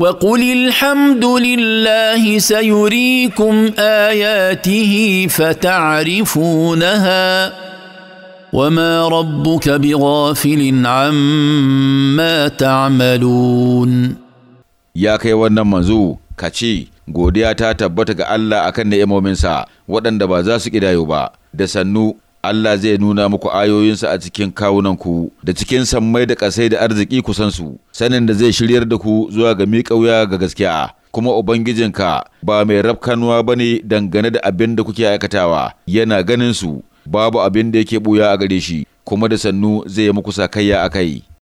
وقل الحمد لله سيريكم اياته فتعرفونها وما ربك بغافل عما تعملون يا كي wannan manzo kace godiya ta tabbata ga Allah akan ni'imominsa waɗanda ba za su kidayo ba da sannu Allah zai nuna muku ayoyinsa a cikin kawunanku da cikin sammai da ƙasai da arziki kusansu, sanin da zai shiryar da ku zuwa ga miƙa wuya ga gaskiya. Kuma Ubangijinka ba mai rafkanuwa ba ne dangane da abin da kuke aikatawa, yana ganin su, babu abin da yake ɓuya a gare shi, kuma da sannu zai yi muku sakayya a kai.